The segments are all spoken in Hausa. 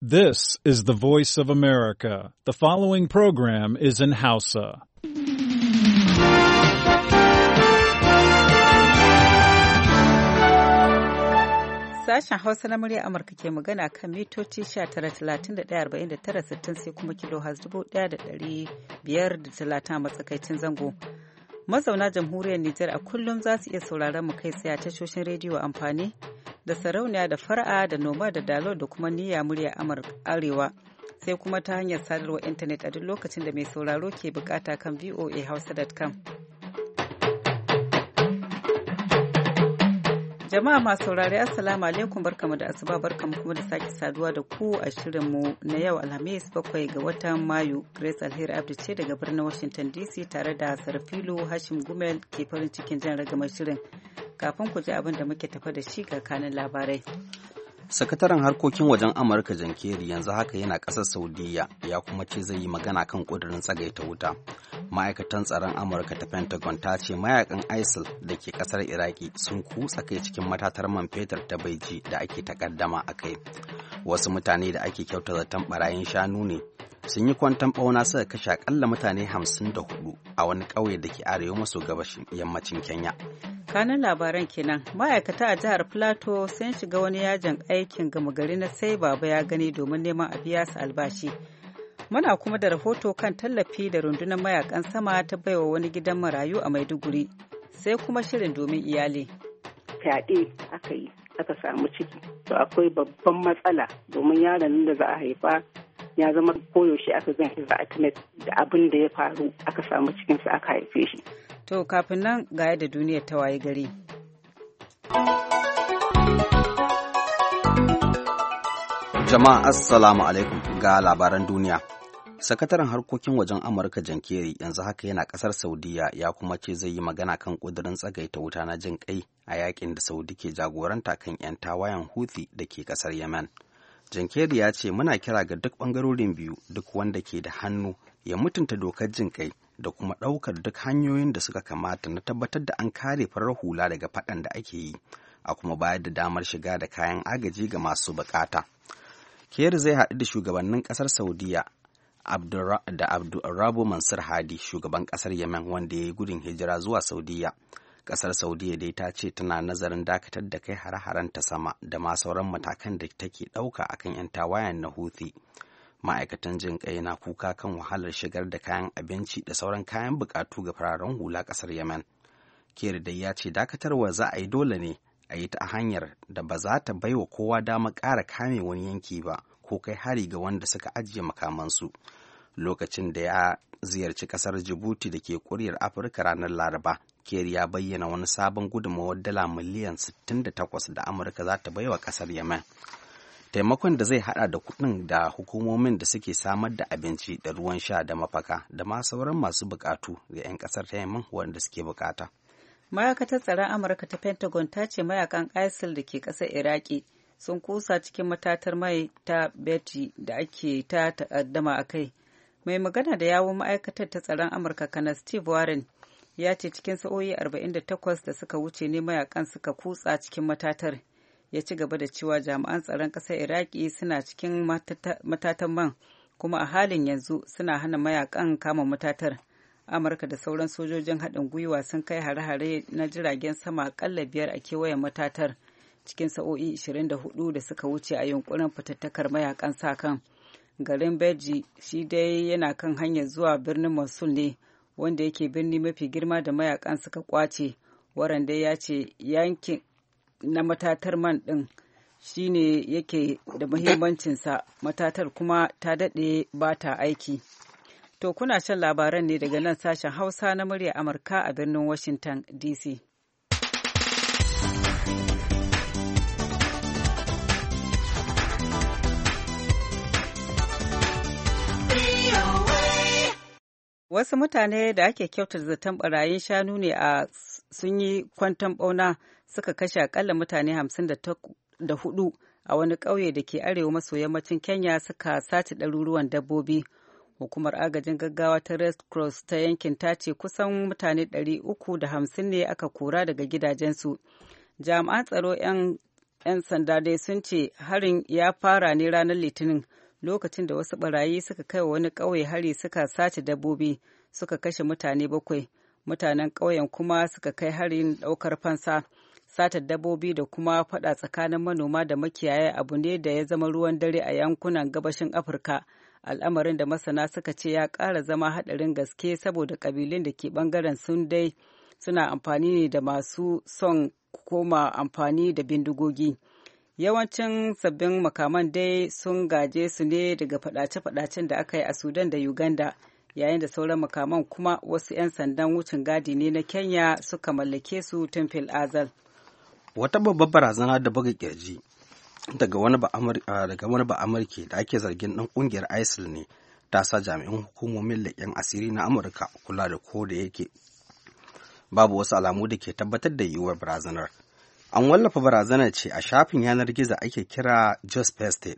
This is the voice of America. The following program is in Hausa. Sashen Hausa na murya Amurka ke magana kan mitoci 19,31,49,60 sai kuma kilo talata matsakaicin zango. Mazauna jamhuriyar Nijar a kullum za su iya sauraron mu kai tsaye tashoshin rediyo amfani da sarauniya da fara'a da noma da dalo da kuma niyya murya arewa sai kuma ta hanyar sadarwar intanet a duk lokacin da mai sauraro ke bukata kan voahausa.com. Jama'a masu saurari Assalamu alaikum barkamu da asuba barkamu kuma da sake saduwa da ku a shirinmu na yau Alhamis bakwai ga watan Mayu. Grace Alheri Abdu ce daga birnin Washington DC tare da Sarfilo Hashim Gumel ke farin cikin jan ragamar shirin. kafin ku ji abin da muke tafa da shi ga kanin labarai. Sakataren harkokin wajen Amurka jankeri yanzu haka yana ƙasar Saudiya ya kuma ce zai yi magana kan ƙudurin tsagaita wuta. Ma'aikatan tsaron Amurka ta Pentagon ta ce mayakan ISIL da ke ƙasar Iraki sun kutsa kai cikin matatar man fetur ta Baiji da ake takaddama a kai. Wasu mutane da ake kyautata zaton ɓarayin shanu ne sun yi kwantan ɓauna suka kashe akalla mutane hamsin da 54 a wani ƙauye da ke arewa maso gabashin yammacin Kenya. Kanan labaran kenan ma'aikata a jihar plato sun shiga wani yajin aikin gama gari na sai baba ya gani domin neman a biya su albashi. Muna kuma da rahoto kan tallafi da rundunar mayakan sama ta baiwa wani gidan marayu a Maiduguri sai kuma shirin domin iyali. Fyaɗe aka yi aka samu ciki to akwai babban matsala domin yaron da za a haifa ya zama koyaushe aka zan shi za a da abin da ya faru aka samu cikinsa aka haife shi. To kafin nan ga yadda duniyar ta waye gari. Jama'a Assalamu alaikum ga labaran duniya. Sakataren harkokin wajen Amurka Jan Kerry yanzu haka yana ƙasar Saudiya ya kuma ce zai yi magana kan ƙudurin tsagaita wuta na jin kai a yakin da Saudi ke jagoranta kan 'yan tawayen Houthi da ke ƙasar Yemen. Jankeri ya ce muna kira ga duk ɓangarorin biyu duk wanda ke da hannu ya mutunta dokar jin kai da kuma ɗaukar duk hanyoyin da suka kamata na tabbatar da an kare farar hula daga faɗan da ake yi a kuma bayar da damar shiga da kayan agaji ga masu bukata. Keri zai haɗu da shugabannin ƙasar Saudiya da Abdurrabu Mansur Hadi shugaban ƙasar Yemen wanda ya yi gudun hijira zuwa Saudiya kasar saudiya dai ta ce tana nazarin dakatar da kai hare-haren ta sama da ma sauran matakan da take ɗauka akan 'yan tawayen na huthi ma'aikatan jin kai na kuka kan wahalar shigar da kayan abinci da sauran kayan bukatu ga fararen hula kasar yemen Ker dai ya ce dakatarwa za a yi dole ne a yi ta hanyar da ba za ta baiwa kowa dama ƙara kame wani yanki ba ko kai hari ga wanda suka ajiye makamansu lokacin da ya ziyarci kasar jibuti da ke kuryar Afirka ranar Laraba abakiyar ya bayyana wani sabon gudummawar dala miliyan 68 da amurka za ta baiwa kasar yemen taimakon da zai hada da kudin da hukumomin da suke samar da abinci da ruwan sha da mafaka da ma sauran masu bukatu ga 'yan kasar ta yemen wanda suke bukata ma'aikatar tsaron amurka ta pentagon ta ce mayakan isil da ke kasar iraki sun kusa cikin matatar mai ta beti da ake ta ta'addama a kai mai magana da yawon ma'aikatar ta tsaron amurka kana steve warren ya ce cikin sa'o'i 48 da suka wuce ne mayakan suka kutsa cikin matatar ya ci gaba da cewa jami'an tsaron ƙasar iraki suna cikin matatan man kuma a halin yanzu suna hana mayakan kama matatar amurka da sauran sojojin haɗin gwiwa sun kai hare-hare na jiragen sama akalla biyar a kewayen matatar cikin sa'o'i 24 da suka wuce a yunkurin fitattakar mayakan sa kan garin beji shi dai yana kan hanyar zuwa birnin mosul ne wanda yake birni mafi girma da mayakan suka kwace waran ya ce yankin na matatar man ɗin shine yake da muhimmancinsa matatar kuma ta daɗe ba ta aiki to kuna shan labaran ne daga nan sashen hausa na murya amurka a birnin washington dc Wasu mutane da ake kyautar zaton barayin shanu ne a sun yi kwantan bauna suka kashe akalla mutane hudu a wani ƙauye da ke arewa maso yammacin Kenya suka sace ɗaruruwan dabbobi. Hukumar agajin gaggawa ta Red Cross ta yankin ta ce kusan mutane ɗari uku da hamsin ne aka kora daga gidajensu. Jami'an tsaro 'yan sanda dai sun ce harin ya fara ne ranar Litinin. lokacin da wasu barayi suka kai wa wani ƙauye hari suka sace dabbobi suka kashe mutane bakwai mutanen ƙauyen kuma suka kai harin ɗaukar fansa sata dabbobi da kuma faɗa tsakanin manoma da makiyaya abu ne da ya zama ruwan dare a yankunan gabashin afirka al'amarin da masana suka ce ya ƙara zama haɗarin gaske saboda ƙabilun da ke ɓangaren sun dai suna amfani ne da masu son koma amfani da bindigogi. Yawancin sabbin makaman dai sun gaje su ne daga fadace-fadacen da aka yi a Sudan da Uganda, yayin da sauran makaman kuma wasu 'yan sandan wucin gadi ne na Kenya suka mallake su tun fil azal. Wata babbar barazana da buga kirji daga wani ba'amurki da ake zargin ɗan ƙungiyar ISIL ne ta sa jami'in hukumomin leƙen asiri na Amurka kula da ko da yake babu wasu alamu da ke tabbatar da yiwuwar barazanar an wallafa barazanar ce a shafin yanar gizo ake kira just Feste.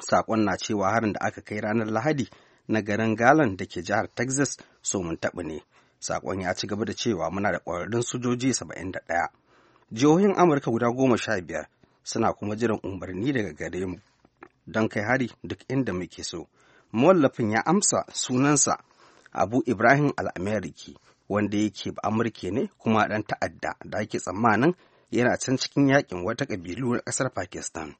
Saƙon na cewa harin da aka kai ranar lahadi na garin galan da ke jihar texas so mun taɓa ne Saƙon ya ci gaba da cewa muna da ƙwararrun sojoji 71 jihohin amurka guda goma sha biyar suna kuma jiran umarni daga gare mu don kai hari duk inda muke so mawallafin ya amsa sunansa abu ibrahim al'ameriki wanda yake amurke ne kuma ɗan ta'adda da ake tsammanin yana can cikin yakin wata ƙabilu na ƙasar Pakistan.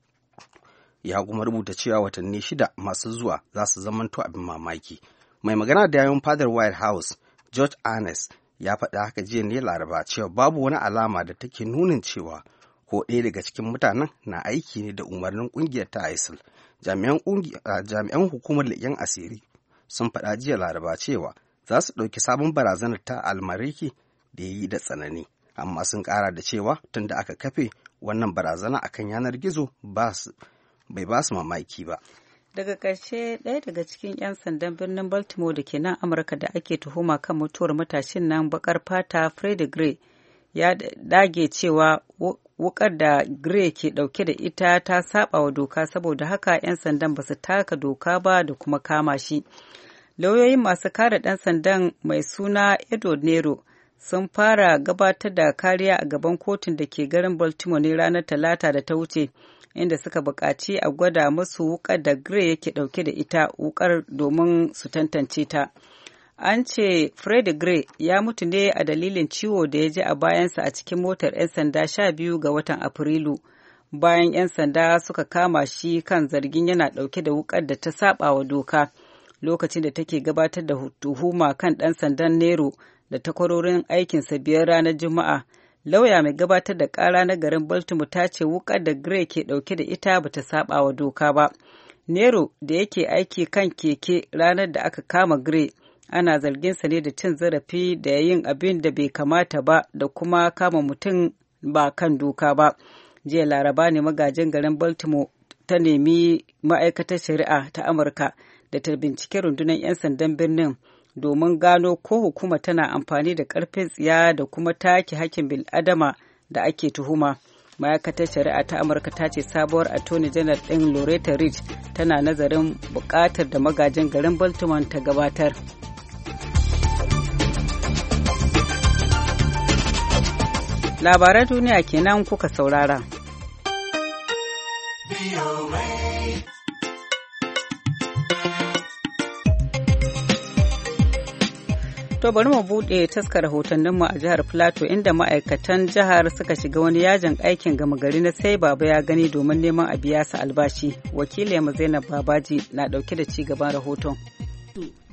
Ya kuma rubuta cewa watanni shida masu zuwa za su zamanto abin mamaki. Mai magana da yawon fadar White House, George Arnes, ya faɗa haka jiya ne laraba cewa babu wani alama da take nunin cewa ko ɗaya daga cikin mutanen na aiki ne da umarnin ƙungiyar ta ISIL. Jami'an hukumar leƙen asiri sun faɗa jiya laraba cewa za su ɗauki sabon barazanar ta almariki da ya yi da tsanani amma sun ƙara da cewa tunda aka kafe wannan barazana kan yanar gizo bai ba su mamaki ba daga ƙarshe ɗaya daga cikin 'yan sandan birnin baltimore da ke nan amurka da ake tuhuma kan mutuwar matashin nan bakar fata fred gray ya dage cewa wukar da gray ke ɗauke da ita ta saba wa doka saboda haka 'yan sandan ba su taka doka ba da kuma kama shi lauyoyin masu kare ɗan sandan mai suna edward nero sun fara gabatar da kariya a gaban kotun da ke garin baltimore ne ranar talata da ta wuce inda suka buƙaci a gwada musu wukar da gray yake ɗauke da ita wukar domin su tantance ta an ce fred gray ya mutu ne a dalilin ciwo da ya ji a bayansa a cikin motar 'yan sanda sha biyu ga watan afrilu bayan 'yan sanda suka kama shi kan zargin yana ɗauke da wukar da ta saba wa doka lokacin da take gabatar da tuhuma kan ɗan sandan nero da takwarorin aikinsa biyar ranar Juma'a. Lauya mai gabatar da ƙara na garin Baltimore ta ce wukar da Gray ke ɗauke da ita ba ta saba wa doka ba. Nero da yake aiki kan keke ranar da aka kama Gray ana zarginsa ne da cin zarafi da yin abin da bai kamata ba da kuma kama mutum ba kan doka ba. Jiya Laraba ne magajin garin Baltimore ta nemi ma'aikatar shari'a ta Amurka da ta bincike rundunar 'yan sandan birnin domin gano ko hukuma tana amfani da ƙarfin tsiya da kuma take hakkin bil'adama da ake tuhuma. ma'aikatar shari'a ta amurka ta ce sabuwar attorney general ɗin loretta rich tana nazarin bukatar da magajin garin baltimore ta gabatar labaran duniya kenan kuka saurara. To bari mu buɗe taskar rahotanninmu a jihar Plateau inda ma'aikatan jihar suka shiga wani yajin aikin gama gari na sai baba ya gani domin neman a biya su albashi. mu Zainab Babaji na ɗauke da ci gaban rahoton.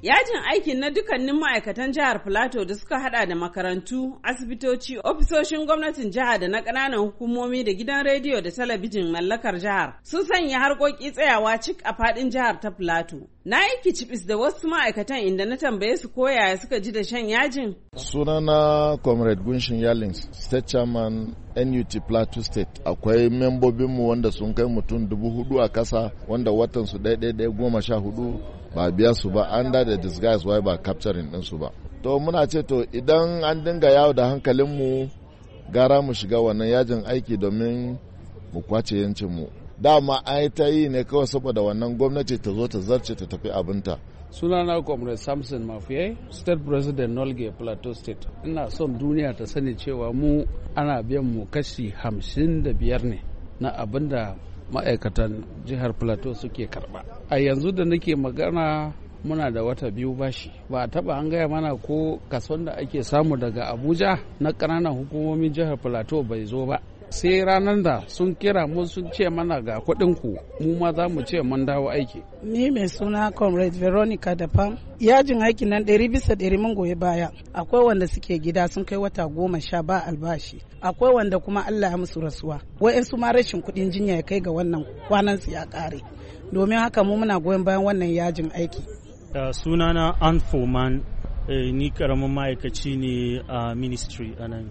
Yajin aikin na dukkanin ma'aikatan jihar Filato da suka hada da makarantu, asibitoci, ofisoshin gwamnatin jiha da na ƙananan hukumomi da gidan rediyo da talabijin mallakar jihar sun sanya harkoki tsayawa cik a faɗin jihar ta Filato. Na yi kicibis da wasu ma'aikatan inda na tambaye su koya suka ji da shan yajin. Sunana Comrade Gunshin Yalings, State Chairman NUT Plateau State. Akwai membobinmu wanda sun kai mutum dubu hudu a kasa wanda watan ɗaya ɗaya goma sha hudu ba biya su ba under the disguise why ba capturing din su ba to muna ce to idan an dinga yawo da hankalinmu gara mu shiga wannan yajin aiki domin mu kwace yancin mu dama ai ta yi ne kawai saboda wannan gwamnati ta zo ta zarce ta tafi abinta sunana comrade samson mafiye state president nolge plateau state ina son duniya ta sani cewa mu ana biyan mu kashi hamsin da biyar ne na abin da ma'aikatan jihar plateau suke karba a yanzu da nake magana muna da wata biyu bashi ba a taba an gaya mana ko kason da ake samu daga abuja na ƙananan hukumomin jihar plateau bai zo ba sai ranar da sun kira mu sun ce mana ga kuɗin ku mu ma za mu ce mun dawo aiki ni mai suna comrade veronica da fam yajin aiki nan ɗari bisa ɗari mun goyi baya akwai wanda suke gida sun kai wata goma sha ba albashi akwai wanda kuma allah ya musu rasuwa wa'yansu ma rashin kuɗin jinya ya kai ga wannan kwanan su ya ƙare domin haka mu muna goyon bayan wannan yajin aiki sunana anfoman eh, ni karamin ma'aikaci ne a ministry anan.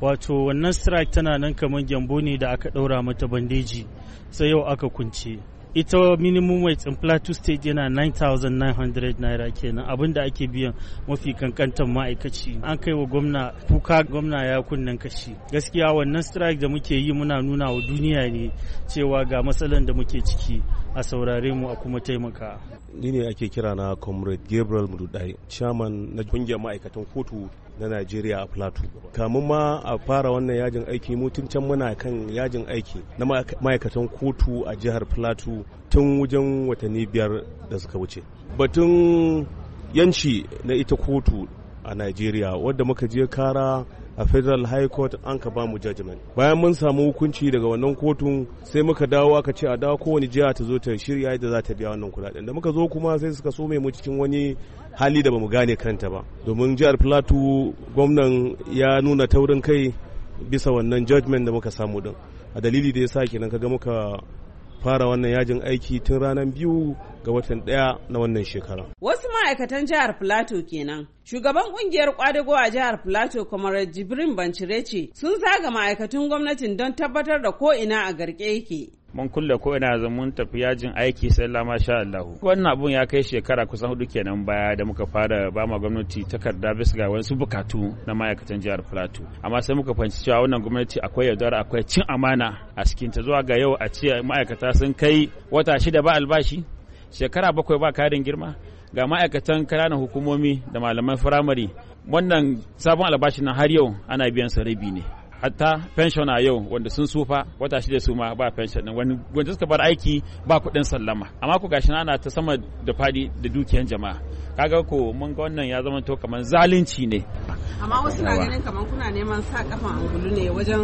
wato wannan strike tana nan kamar gyambo ne da aka ɗaura mata bandeji sai yau aka kunce ita minimum wage in plateau state yana 9,900 naira kenan abin da ake biyan mafi kankantan ma'aikaci an kai wa gwamna kuka gwamna ya kunnen kashi gaskiya wannan strike da muke yi muna nuna wa duniya ne cewa ga matsalan da muke ciki a saurare mu a kuma taimaka. Ni ne ake kira na Comrade Gabriel Mududai, chairman na kungiyar ma'aikatan kotu na Najeriya a Plateau. Kamun ma a fara wannan yajin aiki mu can muna kan yajin aiki na ma'aikatan kotu a jihar Plateau tun wajen watanni biyar da suka wuce. Batun yanci na ita kotu a Najeriya wadda muka je kara a federal high court an ka bamu judgment bayan mun samu hukunci daga wannan kotun sai muka dawo aka ce a dawo kowane jiha ta zo ta shirya da za ta biya wannan kudaden da muka zo kuma sai suka so mu cikin wani hali da bamu gane kanta ba domin jihar plateau gwamnan ya nuna taurin kai bisa wannan judgment da muka samu din a dalili da ya sa kenan kaga muka fara wannan yajin aiki tun ranar biyu ga watan ɗaya na wannan shekara. Wasu ma'aikatan jihar Filato kenan. Shugaban kungiyar kwadago a jihar Filato kamar Jibrin Bancire ce sun zaga ma'aikatun gwamnatin don tabbatar da ko ina a garke yake. mun kulle ko ina zan mun tafi yajin aiki sai Allah masha Allah wannan abun ya kai shekara kusan hudu kenan baya da muka fara ba ma gwamnati takarda bisa ga wasu bukatu na ma'aikatan jihar Plateau amma sai muka fahimci cewa wannan gwamnati akwai yaudara akwai cin amana a cikin ta zuwa ga yau a ce ma'aikata sun kai wata shida ba albashi shekara bakwai ba karin girma ga ma'aikatan ƙananan hukumomi da malaman firamare wannan sabon albashi albashin har yau ana biyan su rabi ne hatta pension a yau wanda sun sufa wata shida su ma ba pension din wani wanda suka bar aiki ba kuɗin sallama amma ku gashi ana ta sama da fadi da dukiyan jama'a kaga ko mun ga wannan ya zama to kamar zalunci ne amma wasu na ganin kaman kuna neman sa kafan angulu ne wajen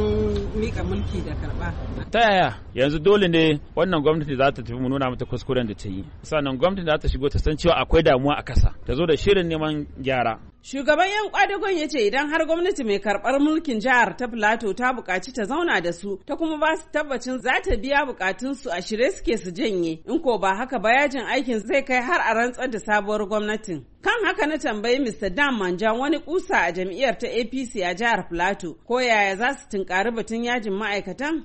mika mulki da karba ta yaya yanzu dole ne wannan gwamnati za ta tafi mu nuna mata kuskuren da ta yi sannan gwamnati za ta shigo ta san cewa akwai damuwa a kasa ta zo da shirin neman gyara Shugaban 'yan kwadagon ya ce idan har gwamnati mai karɓar mulkin jihar ta Filato ta buƙaci ta zauna da su ta kuma ba su tabbacin za ta biya buƙatunsu a shirye suke su janye in ko ba haka ba yajin aikin zai kai har a rantsar da sabuwar gwamnatin. Kan haka na tambayi Mr. Dan Manjan wani kusa a jam'iyyar ta APC a jihar Filato ko yaya za su tunkari batun yajin ma'aikatan?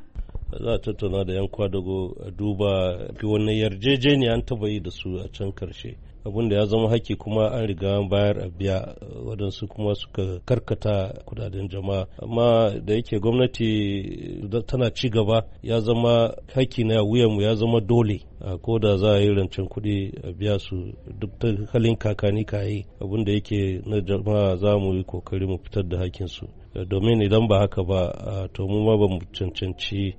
za a tattauna da 'yan kwadago duba wani yarjejeniya an taba yi da su a can karshe abin da ya zama haƙƙi kuma an riga bayar a biya waɗansu kuma suka karkata kudaden jama'a amma da yake gwamnati tana ci gaba ya zama haƙƙi na wuyanmu ya zama dole ko da za a yi rancen kuɗi a biya su duk ta halin kakani yi abin da yake na jama'a za mu yi kokari mu fitar da hakinsu domin idan ba haka ba to mu ma ba mu cancanci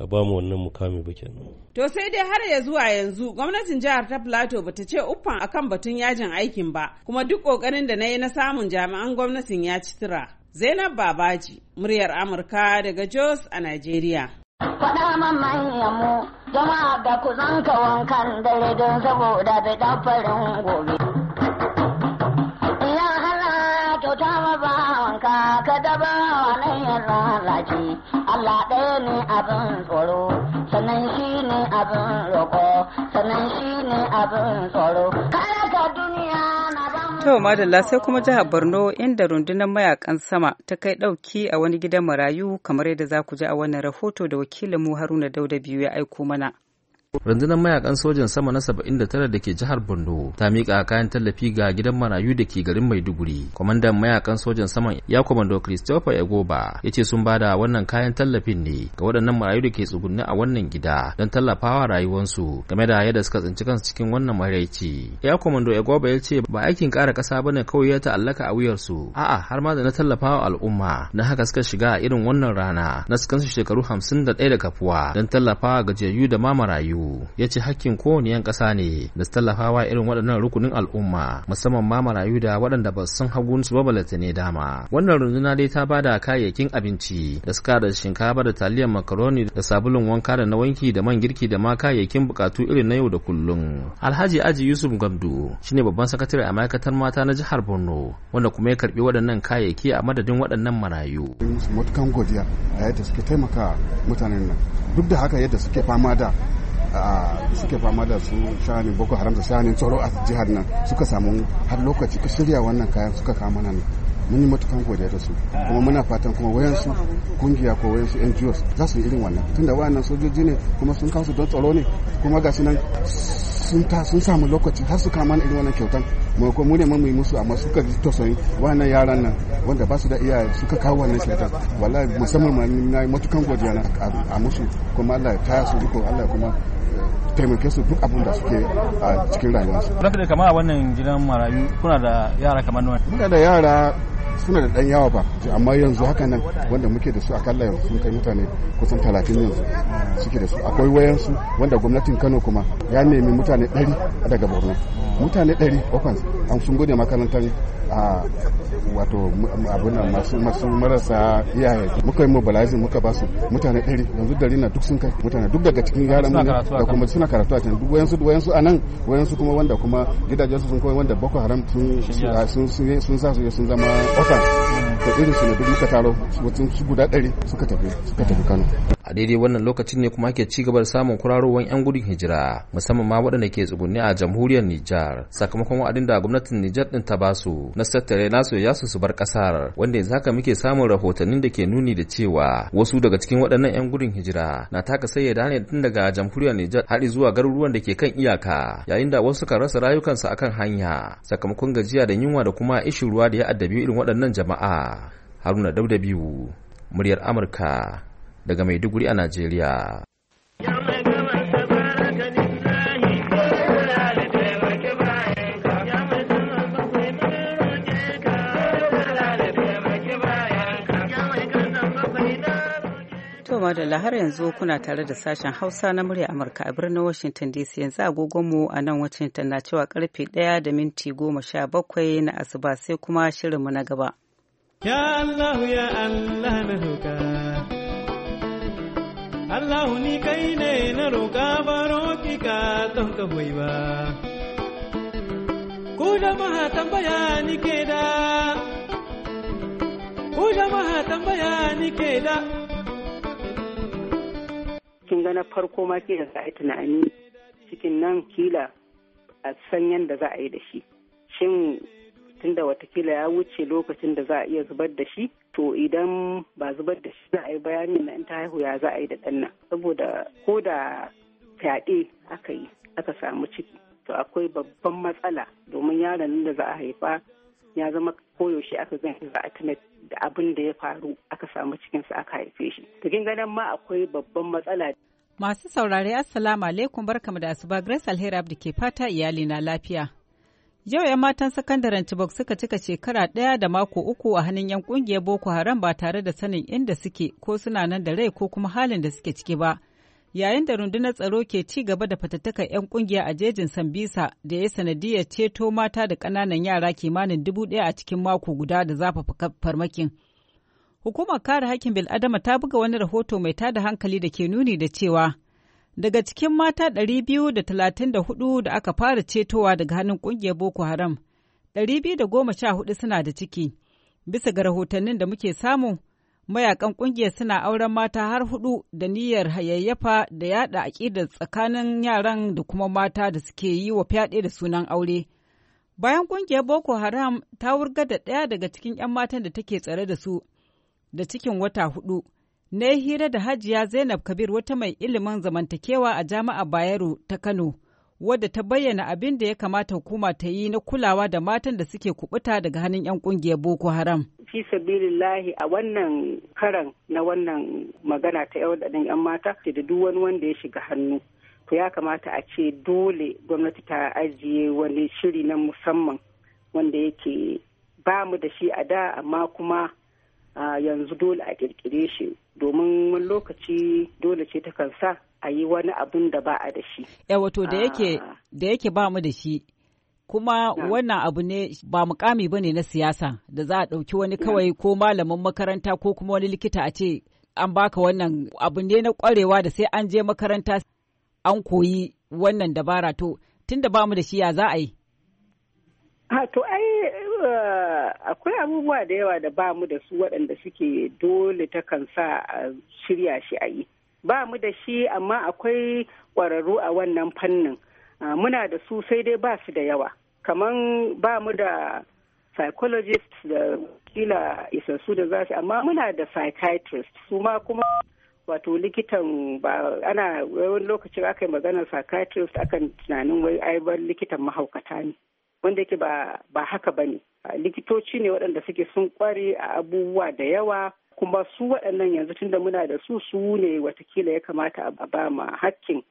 a ba mu wannan mukami ba kenan. To sai dai har ya zuwa yanzu gwamnatin jihar ta Plateau ta ce uffan akan batun yajin aikin ba kuma duk kokarin da na yi na samun jami'an gwamnatin ya ci tura. Zainab Babaji, muryar Amurka daga Jos a Najeriya. Faɗa man manyan mu, jama'a da ku zanka wankan dare don saboda bai farin gobe. Allah ɗaya ne abin tsoro, sannan shi ne abin roƙo, madalla sai kuma jihar Borno inda rundunar mayakan sama ta kai ɗauki a wani gidan marayu kamar yadda za ku ji a wannan rahoto da wakilin mu Haruna Dauda biyu ya aiko mana. rundunar mayakan sojan sama na 79 da ke jihar Borno ta miƙa kayan tallafi ga gidan marayu da ke garin Maiduguri. Kwamandan mayakan sojan sama ya kwamando Christopher Egoba ya ce sun bada wannan kayan tallafin ne ga waɗannan marayu da ke tsugunni a wannan gida don tallafawa rayuwarsu game da yadda suka tsinci kansu cikin wannan maraici. Ya kwamando Egoba ya ce ba aikin ƙara ƙasa ba ne kawai ya ta'allaka a wuyarsu a'a har ma da na tallafawa al'umma na haka suka shiga a irin wannan rana na su kansu shekaru 51 da kafuwa don tallafawa gajiyayyu da ma marayu. Umaru ya ce hakkin kowane yan ƙasa ne da tallafawa irin waɗannan rukunin al'umma musamman ma marayu da waɗanda ba san hagun su babalata ne dama. Wannan runduna dai ta bada kayayyakin abinci da suka da shinkafa da taliyar makaroni da sabulun wanka da na wanki da man girki da ma kayayyakin bukatu irin na yau da kullum. Alhaji Aji Yusuf Gamdu shine babban sakatare a ma'aikatar mata na jihar Borno wanda kuma ya karbi waɗannan kayayyaki a madadin waɗannan marayu. Matukan godiya a yadda suke taimaka mutanen nan duk da haka yadda suke fama da suke fama da su shani boko haram da shani tsoro a jihar nan suka samu har lokaci ka shirya wannan kayan suka kama nan mun yi matukan godiya da su kuma muna fatan kuma su kungiya ko su NGOs za su yi irin wannan tunda wayannan sojoji ne kuma sun kasu don tsaro ne kuma ga nan sun ta sun samu lokaci har su kama irin wannan kyautan mu ko mu ne yi musu amma suka ji tausayin wannan yaran nan wanda ba su da iyaye suka kawo wannan kyautan wallahi musamman ma na yi matukan godiya na a musu kuma Allah ya taya su duka Allah kuma taimake su duk abin da suke a cikin rayuwarsu. Zaka da kama a wannan gidan marayu kuna da yara kamar nawa? Muna da yara suna da dan yawa ba amma yanzu haka nan wanda muke da su akalla yanzu sun kai mutane kusan talatin yanzu suke da su akwai wayansu wanda gwamnatin Kano kuma ya nemi mutane ɗari daga Borno mutane ɗari bakwai an sun gode makarantar a wato abin nan masu masu marasa iyaye muka yi mobilizing muka ba su mutane ɗari yanzu dari na duk sun kai mutane duk daga cikin yaran mu da kuma suna karatu a can duk wayansu wayansu anan wayansu kuma wanda kuma gidajensu sun kai wanda boko haram sun sun sa su sun zama otan hmm. da irin su ne duk muka taro wajen su guda ɗari suka tafi suka tafi Kano a daidai wannan lokacin ne kuma ake ci gaba da samun kurarowar 'yan gudun hijira musamman ma waɗanda ke tsugunni a jamhuriyar Nijar sakamakon wa'adin da gwamnati gwamnatin Nijar din ta basu na tattare nasu ya su bar kasar wanda yanzu haka muke samun rahotannin da ke nuni da cewa wasu daga cikin waɗannan 'yan gudun hijira na taka da ne tun daga jamhuriyar Nijar har zuwa garuruwan da ke kan iyaka yayin da wasu kan rasa rayukansu akan hanya sakamakon gajiya da yunwa da kuma ishin ruwa da ya addabi irin waɗannan jama'a Haruna Dauda muryar Amurka daga Maiduguri a Najeriya. Tuma da lahar yanzu kuna tare da sashen Hausa na murya Amurka a birnin Washington DC yanzu agogonmu a nan Washington na cewa karfe ɗaya da minti goma sha bakwai na asuba sai kuma shirinmu na gaba. Ya Allah ya Allah na roƙa. Allah ni kai ne na roƙa baro ki ka ton ka hoyi ba. Ku jama'a tambaya ni ke da. Ku jama'a tambaya ni ke da. na farko ma sai ga yi tunani cikin nan kila a san yadda za a yi da shi shin tun da watakila ya wuce lokacin da za a iya zubar da shi to idan ba zubar da shi za a yi bayani na in ta haihu ya za a yi da ɗan nan saboda ko da fyaɗe aka yi aka samu ciki to akwai babban matsala domin yaron da za a haifa ya zama koyaushe aka gan za a tuna da abin da ya faru aka samu cikinsa aka haife shi to ganin ma akwai babban matsala Masu saurare Assalamu alaikum barkamu da asuba Grace Alheri Abdi ke fata iyali na lafiya. Yau 'yan matan sakandaren Chibok suka cika shekara ɗaya da mako uku a hannun 'yan ƙungiyar Boko Haram ba tare da sanin inda suke ko suna nan da rai ko kuma halin da suke ciki ba. Yayin da rundunar tsaro ke ci gaba da fatattakar 'yan ƙungiya a jejin Sambisa da ya sanadiyar ceto mata da ƙananan yara kimanin dubu ɗaya a cikin mako guda da zafafa farmakin. Hukumar kare hakkin bil'adama ta buga wani rahoto mai tada hankali da ke nuni da cewa daga cikin mata ɗari biyu da talatin da da hudu aka fara cetowa daga hannun ƙungiyar Boko Haram, ɗari biyu da goma 214 suna da ciki. Bisa ga rahotannin da muke samu, mayakan ƙungiyar suna auren mata har hudu da niyyar hayayyafa da yada aƙidar tsakanin yaran da kuma mata da suke yi wa fyaɗe da sunan aure. Bayan ƙungiyar Boko Haram ta wurga da ɗaya daga cikin 'yan matan da take tsare da su, da cikin wata hudu na hira da hajiya zainab kabir wata mai ilimin zamantakewa a jami'a bayero ta kano wadda ta bayyana abin da ya kamata hukuma ta yi na kulawa da matan da suke kubuta daga hannun 'yan kungiyar boko haram fi sabilillahi a wannan karan na wannan magana ta yau da 'yan mata da duk wani wanda ya shiga hannu to ya kamata a ce dole gwamnati ta ajiye wani shiri na musamman wanda yake ba mu da shi a da amma kuma a yanzu dole a kirkire shi domin wani lokaci dole ce ta kansa a yi wani abun da ba a da shi. Ah. da yake ba mu da shi kuma wannan abu ne ba mukami ba ne na siyasa da za a ɗauki wani kawai ko malamin makaranta ko kuma wani likita a ce an baka wannan abu ne na kwarewa da sai an je makaranta an koyi wannan dabara to tun da ba mu da shi ya za a yi. Ha to ai akwai abubuwa da yawa da ba mu da su waɗanda suke dole ta sa a shirya shi a yi. Ba mu da shi amma akwai ƙwararru a wannan fannin. Muna da su sai dai ba su da yawa. Kaman ba mu da psychologist da kila isassu da za su amma muna da psychiatrist su ma kuma wato likitan ba ana wani lokacin aka yi maganar psychiatrist akan tunanin wai aibar likitan mahaukata ne wanda yake ba haka ba ne Ah, likitoci ne waɗanda suke sun kware a abubuwa da yawa kuma su waɗannan yanzu tunda muna da su su ne watakila ya kamata a ba ma hakkin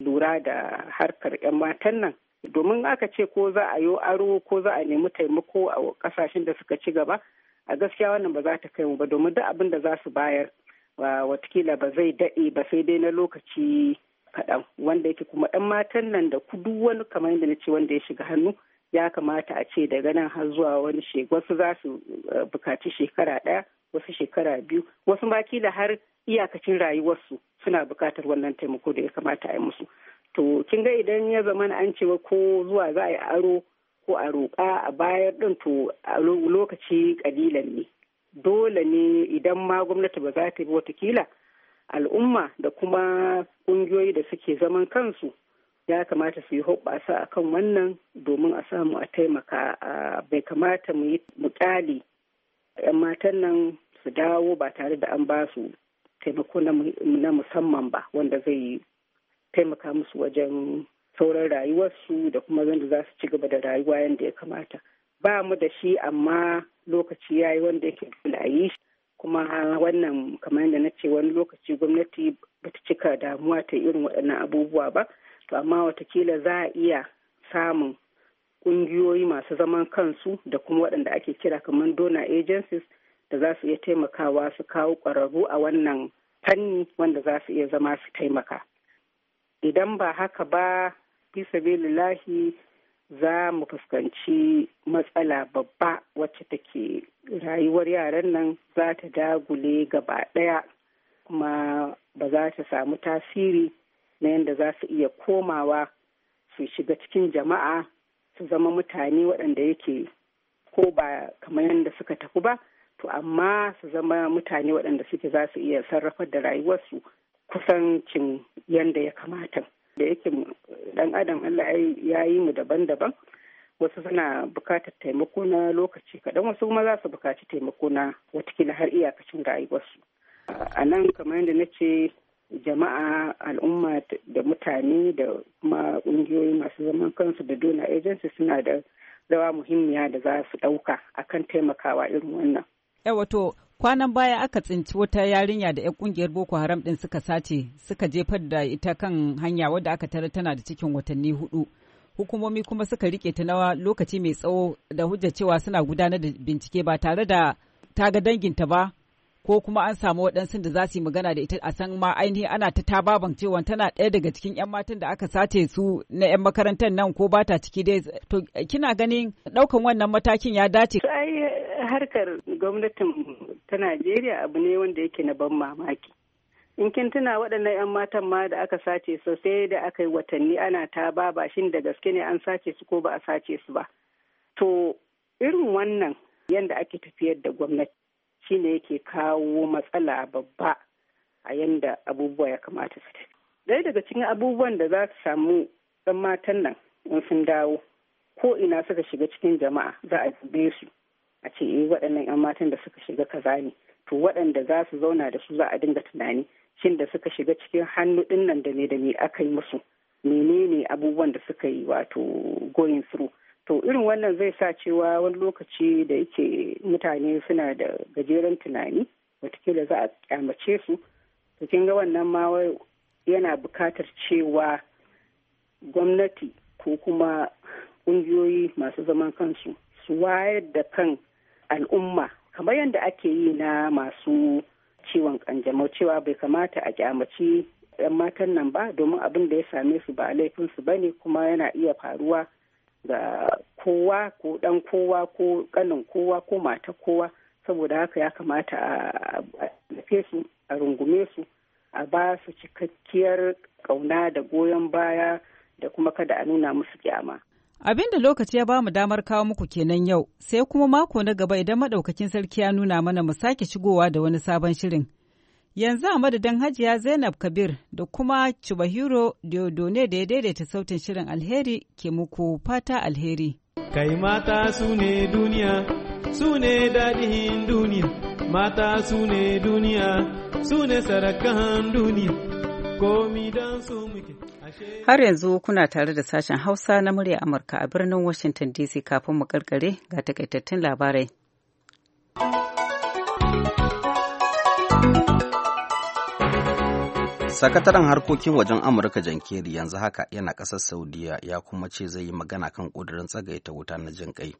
lura da harkar 'yan matan nan domin aka ce ko za a yi aro ko za a nemi taimako a ƙasashen da suka ci gaba a gaskiya wannan ba za ta kai mu ba domin duk abin da za su bayar watakila ba zai daɗe ba sai dai na lokaci kaɗan wanda yake kuma 'yan matan nan da kudu wani kamar yadda na ce wanda ya shiga hannu ya kamata a ce daga nan har zuwa wani wasu za su eh, bukaci shekara ɗaya wasu shekara biyu wasu ma kila har iyakacin rayuwarsu suna bukatar wannan taimako da ya kamata a yi musu to kin ga idan ya zama an cewa ko zuwa za a yi aro ko a roƙa a bayar ɗin to a lokaci ƙalilan ne dole ne idan ma gwamnati ba za ta yi watakila al'umma da kuma ƙungiyoyi da suke zaman kansu ya kamata su yi hoɓɓasa a kan wannan domin a samu a taimaka bai kamata mu yi mukali 'yan matan nan su dawo ba tare da an ba su taimako na musamman ba wanda zai taimaka musu wajen sauran rayuwarsu da kuma wanda za su ci gaba da rayuwa yadda ya kamata ba mu da shi amma lokaci ya yi wanda yake dole yi kuma wannan kamar yadda na ce wani lokaci gwamnati ba ta cika damuwa ta irin waɗannan abubuwa ba to amma watakila za a iya samun ƙungiyoyi masu zaman kansu da kuma waɗanda ake kira kamar donor agencies da za su iya taimakawa su kawo ƙwararru a wannan fanni wanda za su iya zama su taimaka idan ba haka ba bisa lullahi, za mu fuskanci matsala babba wacce take rayuwar yaran nan za ta dagule gaba ɗaya kuma ba za ta samu tasiri na yadda za su iya komawa su shiga cikin jama'a su zama mutane waɗanda yake ko ba kamar yadda suka tafi ba to amma su zama mutane waɗanda suke za su iya sarrafar da rayuwarsu kusancin yadda ya kamata da yake ɗan adam Allah ya yi mu daban-daban wasu suna bukatar taimako na lokaci kaɗan wasu kuma za su bukaci taimako na watakila har iyakacin rayuwarsu a nan kamar yadda na ce jama'a al'umma da mutane da kuma ƙungiyoyi masu zaman kansu da dona agency suna da rawa muhimmiya da za su ɗauka kan taimakawa irin wannan. Eh, wato kwanan baya aka tsinci wata yarinya da 'yan kungiyar boko haram din suka sace suka jefar da ita kan hanya wadda aka tara tana da cikin watanni hudu hukumomi kuma suka rike ta nawa lokaci mai tsawo da hujjar cewa suna gudanar da bincike ba tare da ta ga danginta ba ko kuma an samu waɗansu da za su yi magana da ita a san ma ainihin ana ta tababan cewa tana ɗaya daga cikin 'yan matan da aka sace su na 'yan makarantar nan ko ba ta ciki dai to kina ganin ɗaukan wannan matakin ya dace. ai harkar gwamnatin ta najeriya abu ne wanda yake na ban mamaki in kin tuna waɗannan 'yan matan ma da aka sace su sai da aka yi watanni ana ta ba shin da gaske ne an sace su ko ba a sace su ba to irin wannan yadda ake tafiyar da gwamnati ne yake kawo matsala babba a yanda abubuwa ya kamata su tafi ɗaya daga cikin abubuwan da za su samu ɗan matan nan in sun dawo ko ina suka shiga cikin jama'a za a dube su a ce eh waɗannan 'yan matan da suka shiga kaza ne to waɗanda za su zauna da su za a dinga tunani shin da suka shiga cikin hannu ɗin nan da ne da me aka yi musu menene abubuwan da suka yi wato going through to irin wannan zai sa cewa wani lokaci da yake mutane suna da gajeren tunani watakila za a kyamace su to kin ga wannan ma yana bukatar cewa gwamnati ko kuma ƙungiyoyi masu zaman kansu su wayar da kan al'umma kamar yadda ake yi na masu ciwon kanjamau cewa bai kamata a kyamaci 'yan matan nan ba domin abin da ya same su ba laifinsu ba ne kuma yana iya faruwa ga kowa ko dan kowa ko kanin kowa ko mata kowa saboda haka ya kamata a nufe su a rungume su a ba su cikakkiyar kauna da goyon baya da kuma kada a nuna musu kyama. Abin da lokaci ya ba mu damar kawo muku kenan yau, sai kuma mako na gaba idan madaukakin sarki ya nuna mana mu sake shigowa da wani sabon shirin. Yanzu a madadin Hajiya Zainab Kabir da kuma Chubahiro Diodone da ya daidaita sautin shirin alheri ke muku fata alheri. Kai mata su ne duniya, su ne daɗin duniya, mata su ne duniya, su ne sarakan duniya, komi don su muke. Har yanzu kuna tare da sashen Hausa na murya Amurka a birnin Washington DC kafin mu karkare ga takaitattun labarai. Sakataren harkokin wajen Amurka Jan yanzu haka yana ƙasar Saudiya ya kuma ce zai yi magana kan ƙudurin tsagaita wuta na jin kai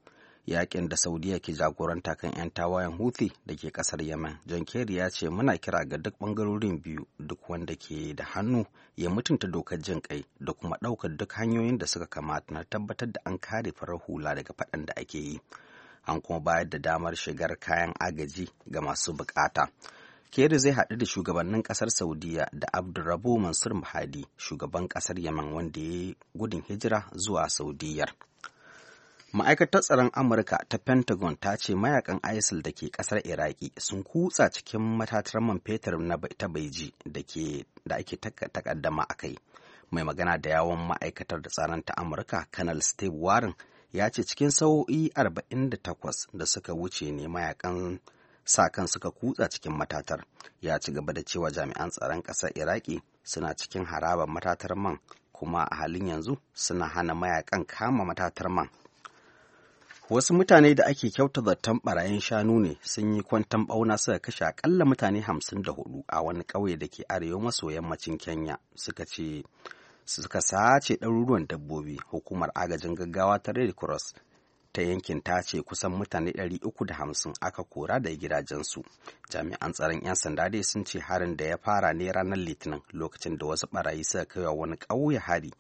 Yaƙin da Saudiya ke jagoranta kan 'yan tawayen huti da ke ƙasar Yemen. Jan ya ce muna kira ga duk ɓangarorin biyu duk wanda ke da hannu ya mutunta dokar jin kai da kuma ɗaukar duk hanyoyin da suka kamata na tabbatar da an kare farar hula daga faɗan da ake yi. An kuma bayar da damar shigar kayan agaji ga masu bukata Kerry zai haɗu da shugabannin ƙasar Saudiya da Abdurrabu Mansur Mahadi, shugaban ƙasar Yaman wanda ya yi gudun hijira zuwa Saudiyar. Ma'aikatar tsaron Amurka ta Pentagon ta ce mayakan ISIL da ke ƙasar Iraki sun kutsa cikin matatar man fetur na ta Baiji da ke da ake takaddama a kai. Mai magana da yawon ma'aikatar da tsaron ta Amurka, Kanal Steve Warren, ya ce cikin sa'o'i 48 da suka wuce ne mayakan sa kan suka kutsa cikin matatar ya ci gaba da cewa jami'an tsaron ƙasar iraki suna cikin harabar matatar man kuma a halin yanzu suna hana mayakan kama matatar man wasu mutane da ake kyauta zaton barayin shanu ne sun yi kwantan bauna suka kashe akalla mutane hamsin da hudu a wani ƙauye da ke arewa maso yammacin kenya suka ce suka sace ɗaruruwan dabbobi hukumar agajin gaggawa ta red cross ta yankin ta ce kusan mutane 350 aka kora da gidajensu jami'an tsaron 'yan sanda dai sun ce harin da ya fara ne ranar litinin lokacin da wasu barayi suka kaiwa wani ƙauye hari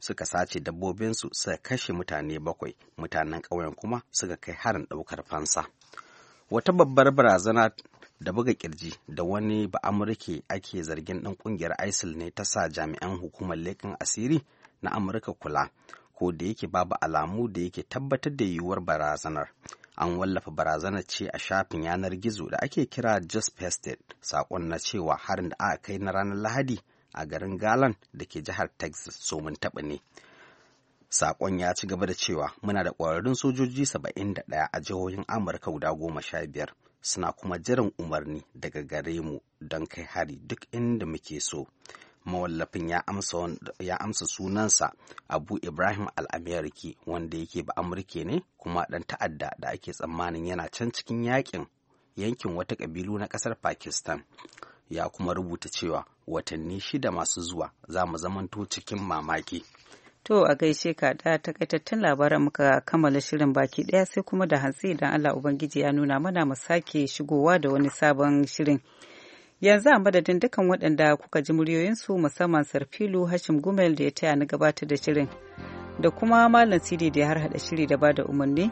suka sace dabbobinsu suka kashe mutane bakwai mutanen ƙauyen kuma suka kai harin ɗaukar fansa wata babbar barazana da buga kirji da wani ba ake zargin ɗan ƙungiyar isil ne ta sa jami'an hukumar leƙen asiri na amurka kula ko da yake babu alamu da yake tabbatar da yiwuwar barazanar an wallafa barazanar ce a shafin yanar gizo da ake kira just pasted saƙon na cewa harin da aka kai na ranar lahadi a garin galan da ke jihar texas somin taɓa ne Saƙon ya ci gaba da cewa muna da ƙwararrun sojoji 71 a jihohin Amurka guda goma sha biyar suna kuma jiran umarni daga gare mu don kai hari duk inda muke so. mawallafin ya amsa sunansa abu ibrahim al'amiriki wanda yake ba amurke ne kuma dan ta'adda da ake tsammanin yana can cikin yakin yankin wata kabilu na ƙasar pakistan ya kuma rubuta cewa watanni shida masu zuwa za mu zamanto cikin mamaki To a gaishe ka da takaitattun labaran muka kammala shirin baki ɗaya sai kuma da hantsi idan Allah Ubangiji ya nuna mana mu sake shigowa da wani sabon shirin. yanzu a madadin dukkan waɗanda kuka ji muryoyinsu musamman sarfilu hashim gumel da ya taya na gabatar da shirin da kuma malam sidi da ya harhaɗa shiri da bada umarni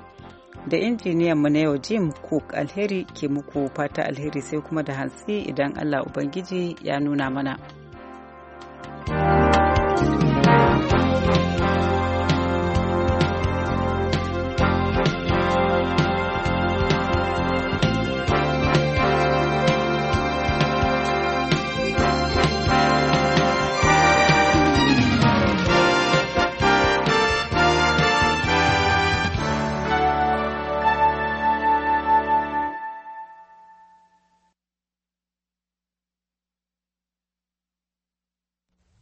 da injiniyan mu na yau jim cook alheri ke muku fata alheri sai kuma da hantsi idan allah ubangiji ya nuna mana. thank you